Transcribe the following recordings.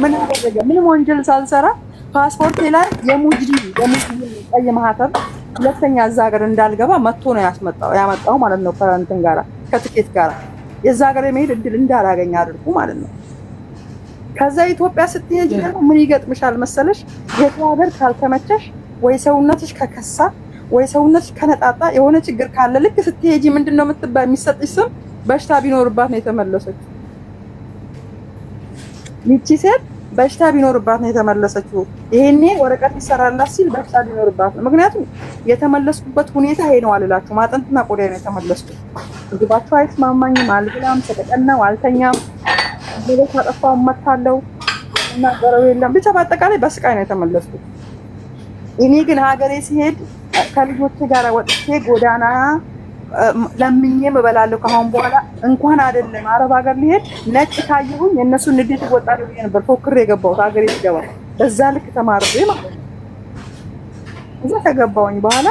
ምን አደረገ? ምንም ወንጀል ሳልሰራ ፓስፖርቴ ላይ የሙጅሪ የሚል ቀይ ማህተም ሁለተኛ እዛ ሀገር እንዳልገባ መጥቶ ነው ያስመጣው ያመጣው ማለት ነው። ከእንትን ጋራ ከትኬት ጋራ የዛ ሀገር የመሄድ እድል እንዳላገኝ አድርጉ ማለት ነው። ከዛ ኢትዮጵያ ስትሄጂ ደግሞ ምን ይገጥምሻል መሰለሽ? የቱ ሀገር ካልተመቸሽ ወይ ሰውነትሽ ከከሳ ወይ ሰውነትሽ ከነጣጣ የሆነ ችግር ካለ ልክ ስትሄጂ ምንድን ነው የምትባይ የሚሰጥሽ ስም በሽታ ቢኖርባት ነው የተመለሰች ይቺ ሴት በሽታ ቢኖርባት ነው የተመለሰችው። ይሄኔ ወረቀት ይሰራላት ሲል በሽታ ቢኖርባት ነው። ምክንያቱም የተመለስኩበት ሁኔታ ይሄ ነው አልላችሁ፣ ማጠንትና ቆዳ ነው የተመለስኩት። ምግባቸው አይስማማኝም፣ አልብላም፣ ተጠቀናው፣ አልተኛም፣ ሌሎች አጠፋው መታለው እና ገረው የለም ብቻ በአጠቃላይ በስቃይ ነው የተመለስኩ። እኔ ግን ሀገሬ ሲሄድ ከልጆቼ ጋር ወጥቼ ጎዳና ለምኜም እበላለሁ። ከአሁን በኋላ እንኳን አይደለም አረብ ሀገር ሊሄድ ነጭ ካየሁኝ የእነሱን ንዴት እወጣለሁ ብዬ ነበር ፎክሬ የገባሁት ሀገሬ ስገባ። በዛ ልክ ተማርቤ ማለት እዛ ተገባሁኝ በኋላ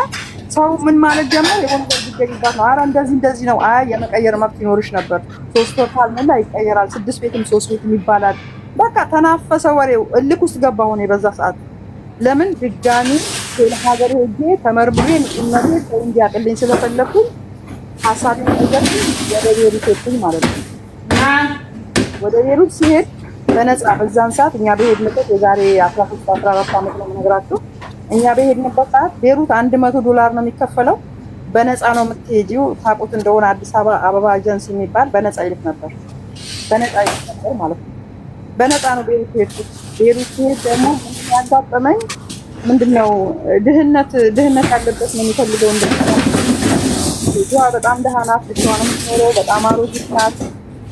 ሰው ምን ማለት ጀመር። የሆነ ገኝባት ነው። አረ እንደዚህ እንደዚህ ነው። አይ የመቀየር መብት ይኖርሽ ነበር። ሶስት ወር ካልሞላ ይቀየራል። ስድስት ቤትም ሶስት ቤትም ይባላል። በቃ ተናፈሰ ወሬው። እልክ ውስጥ ገባ ሆነ በዛ ሰዓት። ለምን ድጋሚ ሌላ ሀገር ሄጄ ተመርምሬ ንጭነቴ ሰው እንዲያቅልኝ ስለፈለኩኝ ሀሳብ ነገር ወደ ቤሩት ሄድኩኝ ማለት ነው። ወደ ቤሩት ሲሄድ በነፃ በዛን ሰዓት እኛ በሄድንበት የዛሬ አስራ ሶስት አስራ አራት ዓመት ነው የምነግራችሁ። እኛ በሄድንበት ሰዓት ቤሩት አንድ መቶ ዶላር ነው የሚከፈለው። በነፃ ነው የምትሄጂው። ታቁት እንደሆነ አዲስ አበባ አበባ ኤጀንሲ የሚባል በነፃ ይልክ ነበር፣ በነፃ ይልክ ነበር ማለት ነው። በነፃ ነው ቤሩት ሄድኩት። ቤሩት ሲሄድ ደግሞ ያጋጠመኝ ምንድነው ድህነት ድህነት ያለበት ነው የሚፈልገው እንደ ልጇ በጣም ደህና ናት። ብቻዋን የምትኖረው በጣም አሮጊት ናት።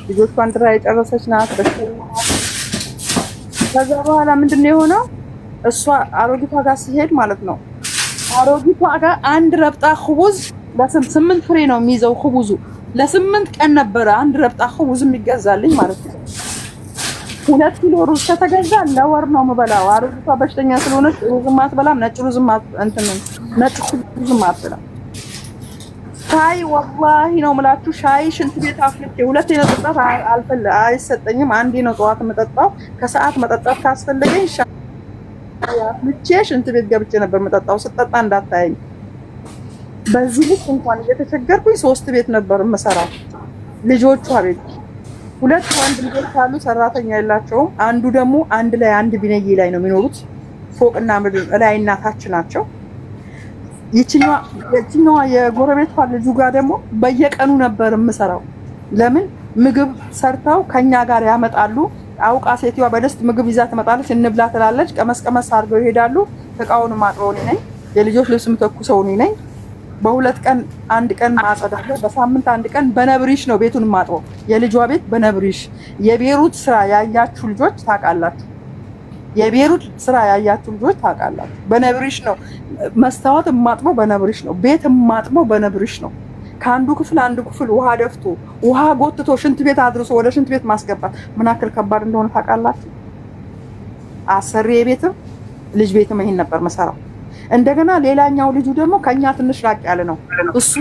ልጆቿን ጥራ የጨረሰች ናት። ከዛ በኋላ ምንድን ነው የሆነው? እሷ አሮጊቷ ጋር ሲሄድ ማለት ነው አሮጊቷ ጋር አንድ ረብጣ ክቡዝ ስምንት ፍሬ ነው የሚይዘው ክቡዙ። ለስምንት ቀን ነበረ አንድ ረብጣ ክቡዝ የሚገዛልኝ ማለት ነው። ሁለት ኪሎ ሩዝ ከተገዛ ለወር ነው የምበላው። አሮጊቷ በሽተኛ ስለሆነች ሩዝም አትበላም። ነጭ ሩዝም እንትን ነጭ ሩዝም አትበላም። ሻይ ወላሂ ነው የምላችሁ። ሻይ ሽንት ቤት አፍልቼ ሁለቴ አልፈል አይሰጠኝም። አንዴ ነው ጠዋት የምጠጣው። ከሰዓት መጠጣት ካስፈለገኝ ሻይ አፍልቼ ሽንት ቤት ገብቼ ነበር መጠጣው። ስጠጣ እንዳታየኝ። በዚህ ልክ እንኳን እየተቸገርኩኝ ሶስት ቤት ነበር የምሰራው። ልጆቿ ቤት ሁለት ወንድ ልጆች አሉ፣ ሰራተኛ የላቸውም። አንዱ ደግሞ አንድ ላይ አንድ ቢነይ ላይ ነው የሚኖሩት። ፎቅና ምድር ላይ ታች ናቸው። የችኛዋ የጎረቤቷ ልጁ ጋር ደግሞ በየቀኑ ነበር የምሰራው። ለምን ምግብ ሰርተው ከኛ ጋር ያመጣሉ። አውቃ ሴትዮዋ በደስት ምግብ ይዛ ትመጣለች፣ እንብላ ትላለች። ቀመስ ቀመስ አድርገው ይሄዳሉ። እቃውን ማጥበው እኔ ነኝ፣ የልጆች ልብስ ምተኩሰው እኔ ነኝ። በሁለት ቀን አንድ ቀን ማጸዳለሁ፣ በሳምንት አንድ ቀን። በነብሪሽ ነው ቤቱን ማጥበው፣ የልጇ ቤት በነብሪሽ። የቤሩት ስራ ያያችሁ ልጆች ታውቃላችሁ። የቤሩድ ስራ ያያችሁ ልጆች ታውቃላችሁ። በነብሪሽ ነው መስታወት የማጥበው፣ በነብሪሽ ነው ቤት የማጥበው፣ በነብሪሽ ነው ከአንዱ ክፍል አንዱ ክፍል ውሃ ደፍቶ ውሃ ጎትቶ ሽንት ቤት አድርሶ ወደ ሽንት ቤት ማስገባት ምን ያክል ከባድ እንደሆነ ታውቃላችሁ። አሰሪ የቤትም ልጅ ቤትም ይሄን ነበር መሰራው። እንደገና ሌላኛው ልጁ ደግሞ ከኛ ትንሽ ራቅ ያለ ነው እሱ